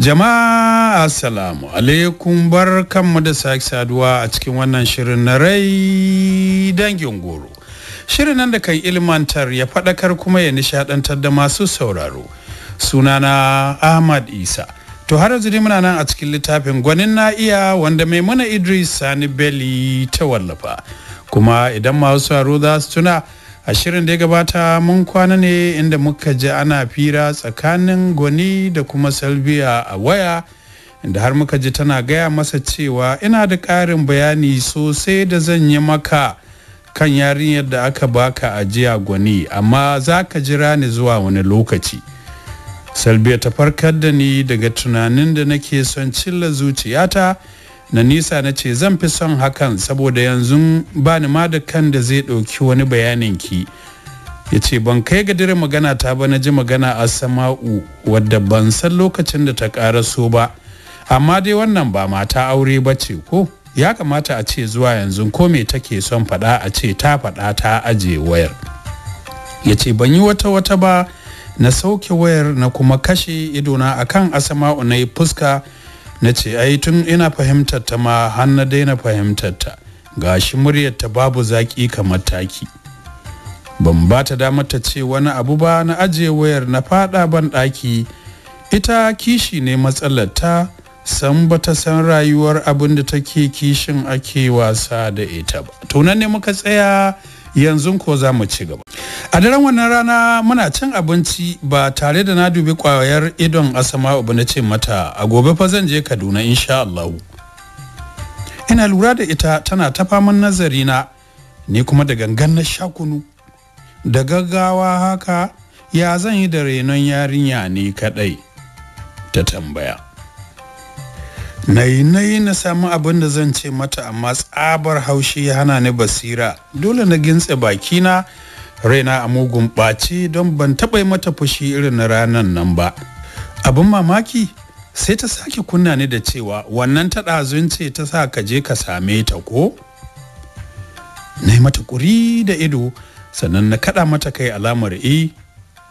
Jama'a Assalamu alaikum bar kanmu da sake saduwa a cikin wannan shirin na rai dangin goro. Shirin nan da kan ilmantar ya faɗakar kuma ya nishaɗantar da masu sauraro. Sunana Ahmad Isa. To har yanzu muna nan a cikin littafin gwanin na iya wanda Maimuna Idris Sani belly ta wallafa. Kuma idan masu sauraro za su tuna a shirin da ya gabata mun kwana ne inda muka ji ana fira tsakanin gwani da kuma salbiya a waya inda har muka ji tana gaya masa cewa ina da ƙarin bayani sosai da zan yi maka kan yarinyar da aka baka a jiya gwani amma za ka jira ni zuwa wani lokaci salbiya ta farkar da ni daga tunanin da nake son cilla zuciyata na nisa na ce zan fi son hakan saboda yanzu ba ni ma da kan da zai ɗauki wani bayanin ki ya ce ban kai ga dire magana ta ba na ji magana a sama'u wadda ban san lokacin da ta ƙaraso ba amma dai wannan ba mata aure ba ce ko ya kamata a ce zuwa yanzu ko me take son faɗa a ce ta faɗa ta aje wayar ya ce ban yi wata wata ba na sauke wayar na kuma kashe idona akan asama'u na yi fuska na ce ai tun ina fahimtar ta ma har na daina fahimtar ta gashi muryar ta babu zaki kamar taki ban ba ta damar ta ce wani abu ba na aje wayar na fada ban daki ita kishi ne matsalar ta san ba ta san rayuwar abin da take kishin ake wasa da ita ba tunan ne muka tsaya yanzu ko za mu ci gaba a daren wannan rana muna cin abinci ba tare da na dubi kwayar idon asama ba na ce mata a gobe fa zan je kaduna insha Allah ina lura da ita tana ta faman nazari na ni kuma da gangan na shakunu da gaggawa haka ya zan yi da renon yarinya ne kadai ta tambaya na yi na yi na samu abin da zan ce mata amma tsabar haushi ya hana ni basira dole na gintse bakina raina a mugun ɓaci don ban taɓa mata fushi irin na ranar nan ba abin mamaki sai ta sake kunna ni da cewa wannan ta ce ta sa ka je ka same ta ko na yi mata ƙuri da ido sannan na kaɗa mata kai alamar e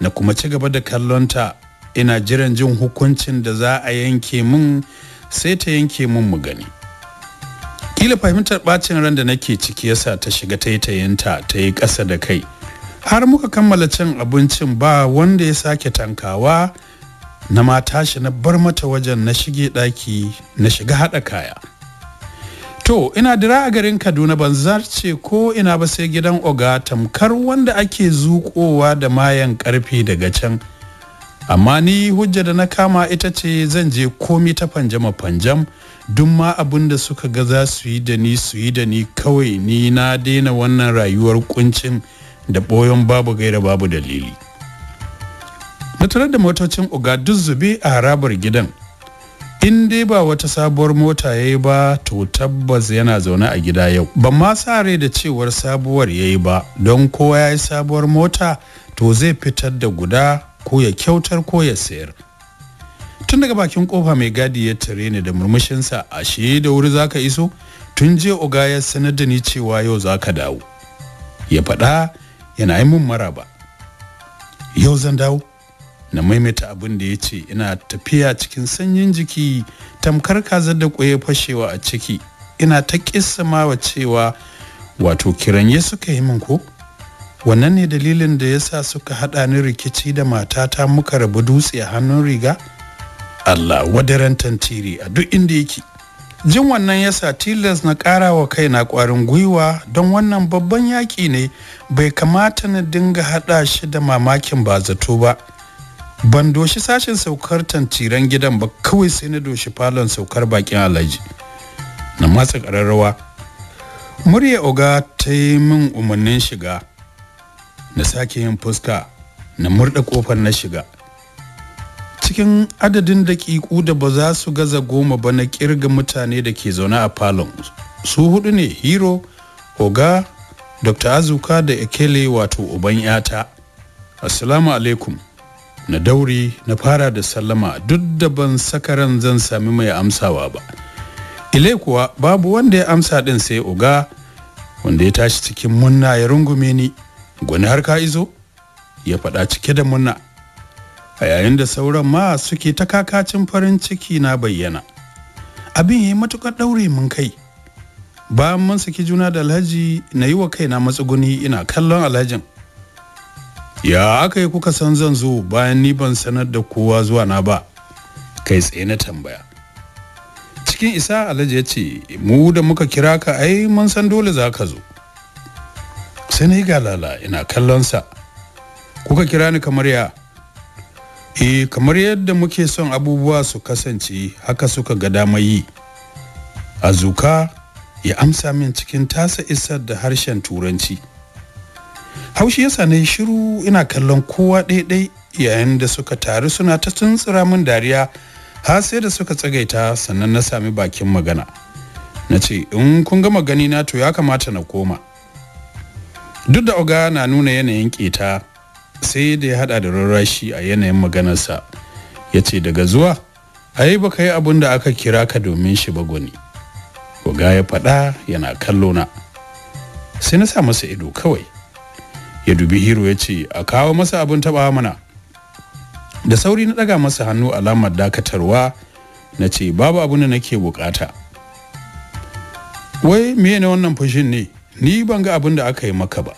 na kuma ci gaba da kallonta ina jiran jin hukuncin da za a yanke min sai ta yanke mun mu gani kila fahimtar bacin ran da nake ciki yasa ta shiga tayinta ta yi ƙasa da kai har muka kammala cin abincin ba wanda ya sake tankawa na mata tashi na bar mata wajen na shige ɗaki na shiga haɗa kaya to ina dira a garin kaduna ban zarce ko ina ba sai gidan oga tamkar wanda ake zuƙowa da mayan ƙarfi daga can amma ni hujja da na kama ita ce zan je komi ta panjama fanjam duk ma abin da suka ga za su yi da ni su yi da ni kawai ni na daina wannan rayuwar kuncin da boyon babu gaira babu dalili na tare da motocin uga duk zube a harabar gidan in dai ba wata sabuwar mota ya yi ba to tabbas yana zaune a gida yau ban ma sa rai da cewar sabuwar ya yi ba don kowa ya yi sabuwar mota to zai fitar da guda ko ya kyautar ko ya sayar tun daga bakin kofa mai gadi ya tare ni da murmushinsa ashe da wuri zaka iso tun je oga ya sanar da ni cewa yau zaka dawo ya faɗa yana yi mun maraba yau zan dawo na maimaita abin da ya ce ina tafiya cikin sanyin jiki tamkar kaza da ƙwaye fashewa a ciki ina ta kissamawa cewa wato kiran yesu ka yi min ko wannan ne dalilin da ya sa suka haɗa ni rikici da matata muka rabu dutse a hannun riga allah wadaran tantiri a duk inda yake jin wannan ya sa tilas na ƙara wa kaina ƙwarin gwiwa don wannan babban yaƙi ne bai kamata na dinga haɗa shi da mamakin ba zato ba ban doshi sashen saukar tantiran gidan ba kawai sai na doshi falon saukar bakin alhaji na matsa ƙararrawa murya oga ta yi min umarnin shiga na sake yin fuska na murda kofar na shiga cikin adadin daƙiƙu da ba za su gaza goma ba na kirga mutane da ke zaune a falon su hudu ne hero oga dr azuka da ekele wato uban yata assalamu alaikum na dauri na fara da sallama duk da ban sakaran zan sami mai amsawa ba ile kuwa babu wanda ya amsa din sai oga wanda ya tashi cikin munna ya rungume ni gwani har ka izo ya faɗa cike da munna. a yayin da sauran ma suke ta kakacin farin ciki na bayyana abin ya yi matuƙar ɗaure mun kai bayan mun saki juna da alhaji na yi wa kaina matsuguni ina kallon alhajin ya aka yi kuka san zan zo bayan ni ban sanar da kowa zuwa na ba kai tsaye na tambaya cikin isa alhaji ya ce mu da muka kira ka ai mun san dole za ka zo sai ga galala ina kallonsa kuka kira ni kamar ya eh kamar yadda muke son abubuwa su kasance haka suka ga dama yi azuka ya amsa min cikin tasa isar da harshen turanci haushi ya sanai shiru ina kallon kowa ɗaiɗai yayin da suka taru suna ta tuntsura min dariya har sai da suka tsagaita sannan na sami bakin magana na ce in kun gama gani na to ya kamata na koma duk da oga na nuna yanayin keta sai da ya hada da rarrashi a yanayin maganarsa ya ce daga zuwa ai baka yi abun da aka kira ka domin shi ba gwani oga ya faɗa yana kallo na sai na sa masa ido kawai ya dubi hiro ya ce a kawo masa abin taɓa mana da sauri na ɗaga masa hannu alamar dakatarwa na ce babu abin da nake bukata wai me ne wannan fushin ne ni ban ga abin da aka yi maka ba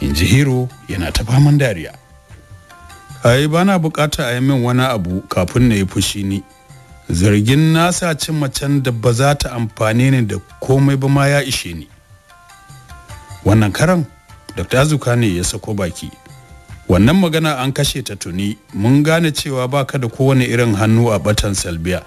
in ji hero yana ta faman dariya ai ba na bukata a yi min wani abu kafin na yi fushi ni zargin nasa cin macen da ba za ta amfane ni da komai ba ma ya ishe ni wannan karan dr azuka ne ya sako baki wannan magana an kashe ta tuni mun gane cewa baka da kowane irin hannu a batan salbiya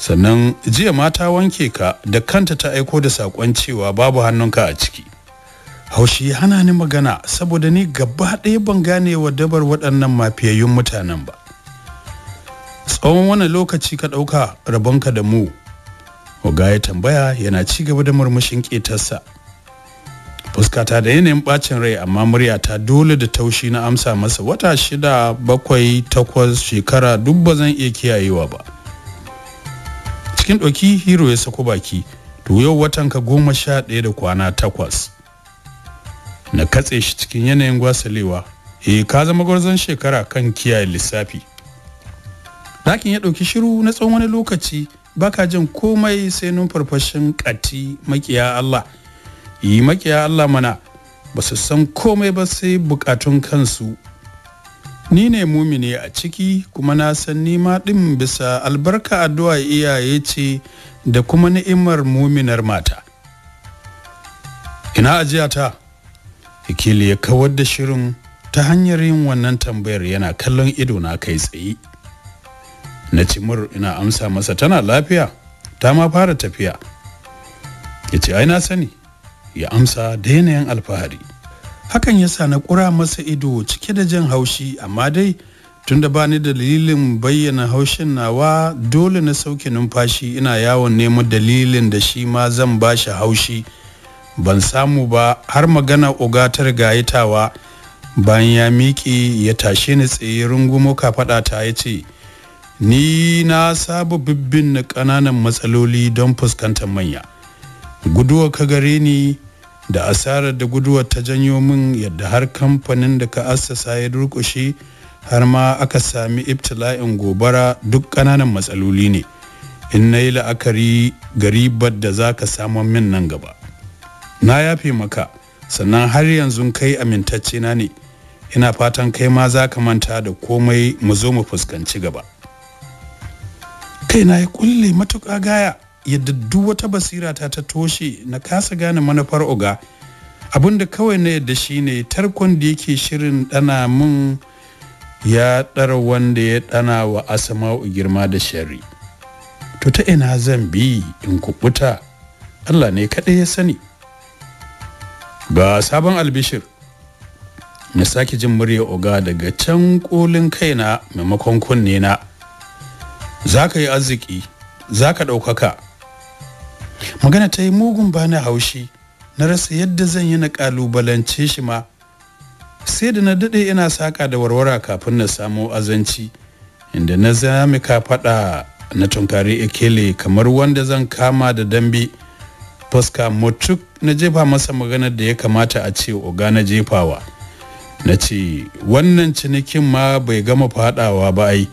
sannan jiya mata wanke ka da kanta ta aiko da saƙon cewa babu hannunka a ciki haushi hana ni magana saboda ni gaba ɗaya ban gane wa dabar waɗannan mafiyayyun mutanen ba tsawon wani lokaci ka ɗauka rabonka da mu oga ya tambaya yana ci gaba da murmushin ƙetarsa fuskata da yanayin ɓacin rai amma muryata dole da taushi na amsa masa wata shida bakwai takwas shekara duk ba zan iya kiyayewa ba cikin ɗauki hero ya sako baki to yau watan ka goma sha ɗaya da kwana takwas na katse shi cikin yanayin gwasalewa eh ka zama gwarzon shekara kan kiyaye lissafi ɗakin ya ɗauki shiru na tsawon wani lokaci baka jin komai sai numfarfashin ƙati makiya Allah yi makiya Allah mana basu san komai ba sai bukatun kansu ni ne mumini a ciki kuma na san nima ɗin bisa albarka addu'a iyaye ce da kuma ni'imar muminar mata ina ta ikili ya kawar da shirin ta hanyar yin wannan tambayar yana kallon ido na kai tsaye na cimur ina amsa masa tana lafiya ta ma fara tafiya ya ce ai na sani ya amsa da yanayin alfahari hakan ya sa na kura masa ido cike da jan haushi amma dai tunda ba ni dalilin bayyana haushin nawa dole na sauke numfashi ina yawon neman dalilin da shi ma zan ba shi haushi ban samu ba har magana ogatar gayatawa bayan ya miƙe ya tashe ni tsaye rungumo ka faɗa ta ya ce ni na sabu bibbin na ƙananan matsaloli don fuskantar manya guduwa ka gare ni da asarar da guduwar ta janyo min yadda har kamfanin da ka assasa ya durkushe har ma aka sami ibtila'in gobara duk ƙananan matsaloli ne in na yi la'akari garibar da za ka samun min nan gaba na yafe maka sannan har yanzu kai amintacce na ne ina fatan kai ma za ka manta da komai mu zo mu fuskanci gaba kai na ya kulle matuƙa gaya yadda duk wata basira ta ta toshe na kasa gane manufar oga abin da kawai na yadda shi ne tarkon da yake shirin dana mun ya ɗara wanda ya dana wa asama'u girma da shari to ta ina zan bi in kubuta allah ne kaɗai ya sani Ba sabon albishir na sake jin murya oga daga can kolin kaina maimakon kunne na za ka yi arziki za ka ɗaukaka magana ta yi mugun bani haushi na rasa yadda zan yi na kalubalance shi ma sai da na dade ina saka da warwara kafin na samo azanci inda na zame ka faɗa na tunkari ekele kamar wanda zan kama da dambe fuska mutuk na jefa masa maganar da ya kamata a ce oga na jefawa na ce wannan cinikin ma bai gama faɗawa ba ai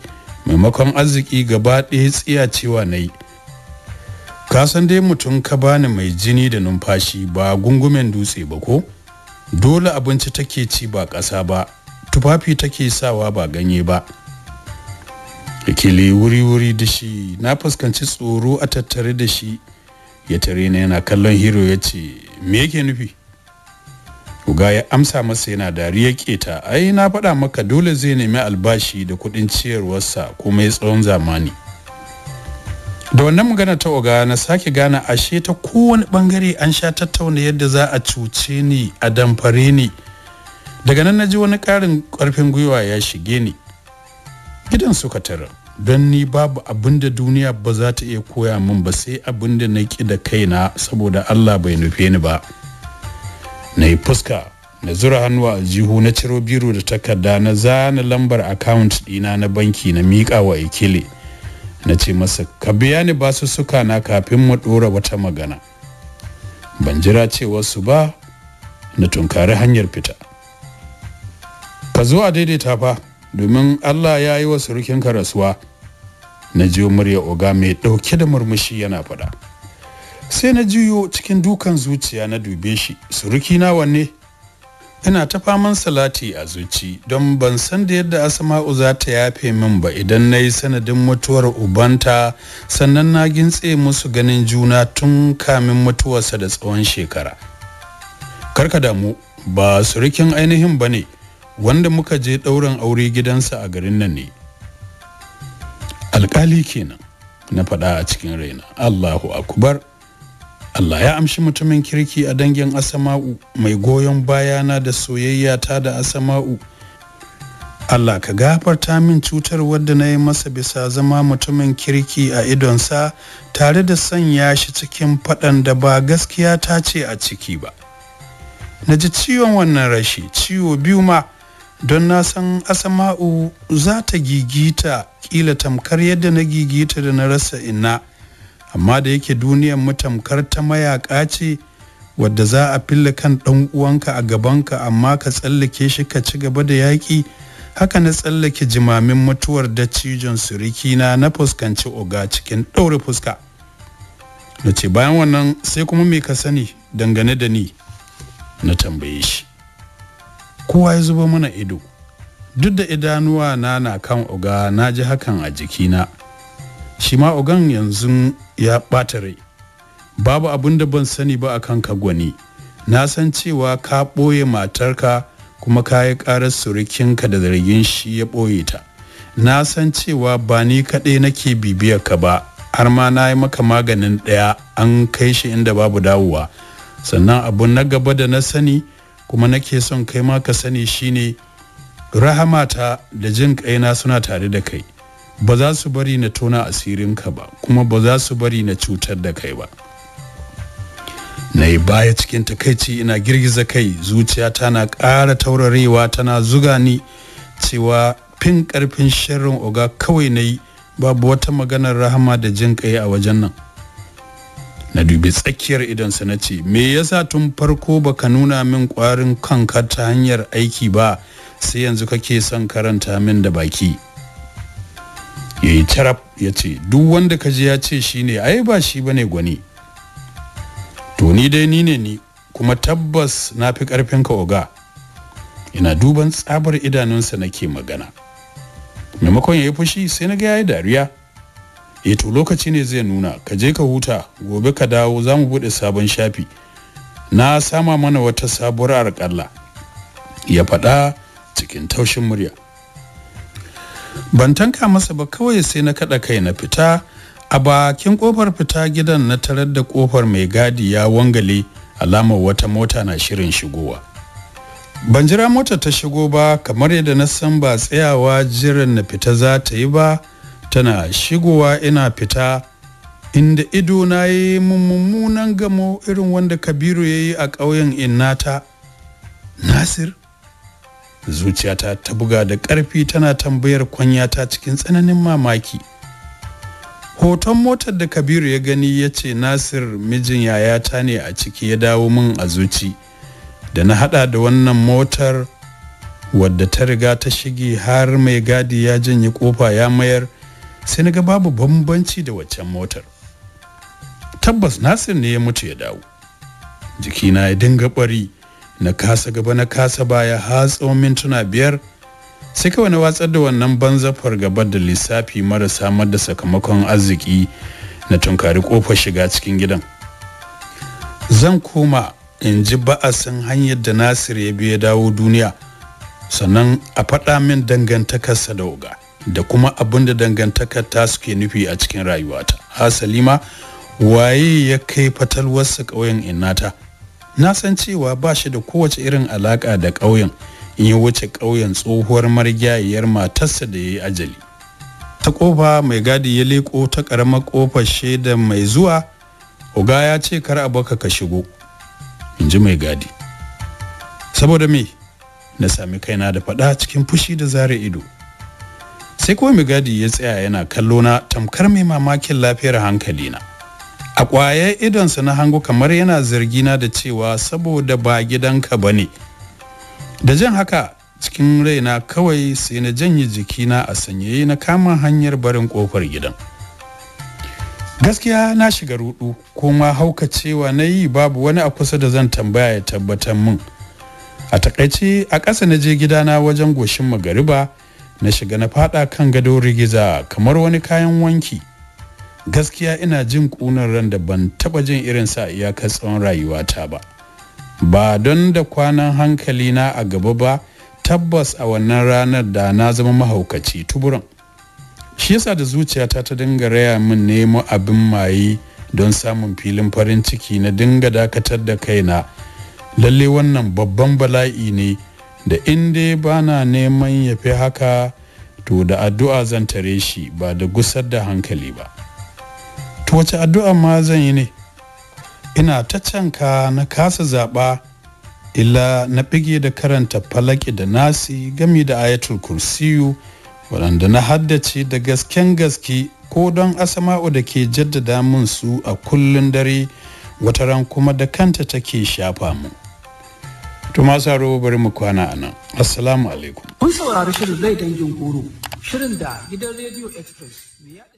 maimakon arziki gaba ɗaya tsiya cewa na yi ka san dai mutum ka bani mai jini da numfashi ba gungumen dutse ba ko dole abinci take ci ba ƙasa ba tufafi take sawa ba ganye ba kili wuri-wuri da shi na fuskanci tsoro a tattare da shi ya tare na yana kallon hero ya ce me yake nufi uga ya amsa masa yana dariya keta ai na faɗa maka dole zai nemi albashi da kuɗin ciyarwarsa kuma ya tsawon zamani da wannan magana ta oga na sake gane ashe ta kowane bangare an sha tattauna yadda za a cuce ni a damfare ni daga nan na ji wani karin karfin gwiwa ya shige ni gidan suka tara don ni babu abin da duniya ba za ta iya koya min ba sai abin da na ƙi da kaina saboda allah bai nufe ni ba na yi fuska na zura hannu a jihu na ciro biro da takarda na zana lambar akawunt dina na banki na miƙa wa ikile na ce masa ka biya ni basu suka na kafin mu ɗora wata magana ban jira cewa su ba na tunkari hanyar fita ka zo a daidaita fa domin allah ya yi wa surukinka rasuwa na ji murya oga mai ɗauke da murmushi yana faɗa sai na juyo cikin dukan zuciya na dube shi surukina wanne ina ta faman salati a zuci don ban san da yadda asma'u za ta yafe min ba idan na yi sanadin mutuwar ubanta sannan na gintse musu ganin juna tun kamin mutuwarsa da tsawon shekara karka damu ba surikin ainihin ba ne wanda muka je ɗaurin aure gidansa a garin nan ne alkali kenan na faɗa a cikin raina allahu akubar. Allah ya amshi mutumin kirki a dangin Asama'u mai goyon bayana da soyayya ta da Asama'u. Allah ka gafarta min cutar wadda na yi masa bisa zama mutumin kirki a idonsa tare da sanya shi cikin faɗan da ba gaskiya ta ce a ciki ba. Na ji ciwon wannan rashi, ciwo biyu ma, don na san Asama'u za ta gigita ƙila tamkar yadda na gigita da na rasa ina. amma da yake duniyan mutamkar ta mayaka ce wadda za a fille kan ɗan uwanka a gabanka amma ka tsallake shi ka ci gaba da yaƙi haka na tsallake jimamin mutuwar da cijon surikina na fuskanci oga cikin ɗaure fuska na ce bayan wannan sai kuma me ka sani dangane da ni na tambaye shi kowa ya zuba mana ido duk da idanuwa na na kan oga na ji hakan a jikina shi ma ogan yanzu ya ɓata rai babu abin da ban sani ba a kanka gwani na san cewa ka ɓoye matarka kuma ka yi ƙarar surukinka da zargin shi ya ɓoye ta na san cewa ba ni kaɗai nake bibiyar ka ba har ma na yi maka maganin ɗaya an kai shi inda babu dawowa sannan abu na gaba da na sani kuma nake son kai ma ka sani shine rahamata da jin kaina suna tare da kai ba za su bari na tona asirin ka ba kuma ba za su bari na cutar da kai ba na yi baya cikin takaici ina girgiza kai zuciyata na ƙara taurarewa tana zuga ni cewa fin ƙarfin sharrin oga kawai na yi babu wata maganar rahama da jin kai a wajen nan na dubi tsakiyar su na ce me yasa tun farko baka nuna min ƙwarin kanka ta hanyar aiki ba sai yanzu kake son karanta min da baki ya yi carab ya ce duk wanda ka ji ya ce shi ne ai ba shi ba ne gwani to ni dai ni ne ni kuma tabbas na fi ƙarfin ka oga ina duban tsabar idanunsa nake magana maimakon ya yi fushi sai na ga ya yi dariya e to lokaci ne zai nuna ka je ka huta gobe ka dawo za mu buɗe sabon shafi na sama mana wata sabuwar alƙalla ya faɗa cikin taushin murya ban tanka masa ba kawai sai na kada kai na fita a bakin kofar fita gidan na tarar da kofar mai gadi ya wangale alamar wata mota na shirin shigowa ban jira mota ta shigo ba kamar yadda na san ba tsayawa jiran na fita za ta yi ba tana shigowa ina fita inda ido na yi mummunan gamo irin wanda kabiru ya yi a ƙauyen innata nasir zuciyata ta buga da ƙarfi tana tambayar kwanyata cikin tsananin mamaki hoton motar da kabiru ya gani ya ce nasir mijin yayata ne a ciki ya dawo min a zuci da na hada da wannan motar wadda ta riga ta shige har mai gadi ya janye kofa ya mayar sai na ga babu bambanci da waccan motar tabbas nasir ne ya mutu ya dawo jikina ya dinga bari na kasa gaba na kasa baya har tsawon mintuna biyar sai kawai na watsar da wannan banza fargabar da lissafi mara samar da sakamakon arziki na tunkari kofar shiga cikin gidan zan koma in ji ba'asin hanyar da nasir ya biya dawo duniya sannan a faɗa min dangantakarsa da oga da kuma abin da dangantakar ta suke nufi a cikin rayuwata hasalima waye ya kai fatalwarsa ƙauyen innata na san cewa ba shi da kowace irin alaƙa da ƙauyen in yi wuce ƙauyen tsohuwar marigayiyar matarsa da ya yi ajali ta ƙofa mai gadi ya leƙo ta ƙaramar ƙofar shaida mai zuwa oga ya ce kar a baka ka shigo in ji mai gadi saboda me na sami kaina da faɗa cikin fushi da zare ido sai kuma mai gadi ya tsaya yana kallo na tamkar mai mamakin lafiyar hankali na a kwaye idonsa na hango kamar yana zargina da cewa saboda ba gidanka ba ne da jan haka cikin raina kawai sai na janye jikina a sanyaye na kama hanyar barin kofar gidan gaskiya na shiga rudu kuma haukacewa na yi babu wani a kusa da zan tambaya ya tabbatar min a takaice a ƙasa na je gidana wajen goshin magariba na shiga na fada kan gado rigiza kamar wani kayan wanki gaskiya ina jin ƙunar ran da ban taɓa jin irin sa iyakar tsawon rayuwata ba ba don da kwanan hankali na a gaba ba tabbas a wannan ranar da na zama mahaukaci tuburan shi yasa da zuciyata ta dinga raya min nemo abin maye don samun filin farin ciki na dinga dakatar da kaina lalle wannan babban bala'i ne da in dai bana neman ya fi haka to da addu'a zan tare shi ba da gusar da hankali ba to wace addu'a ma zan yi ne ina ta canka na kasa zaɓa illa na bige da karanta falaki da nasi gami da ayatul kursiyu waɗanda na haddace da gasken gaske ko don asama'u da ke jaddada mun su a kullun dare wata ran kuma da kanta take shafa mu. To masu bari mu kwana a nan. Assalamu alaikum. Kun saurari shirin da gidan Radio Express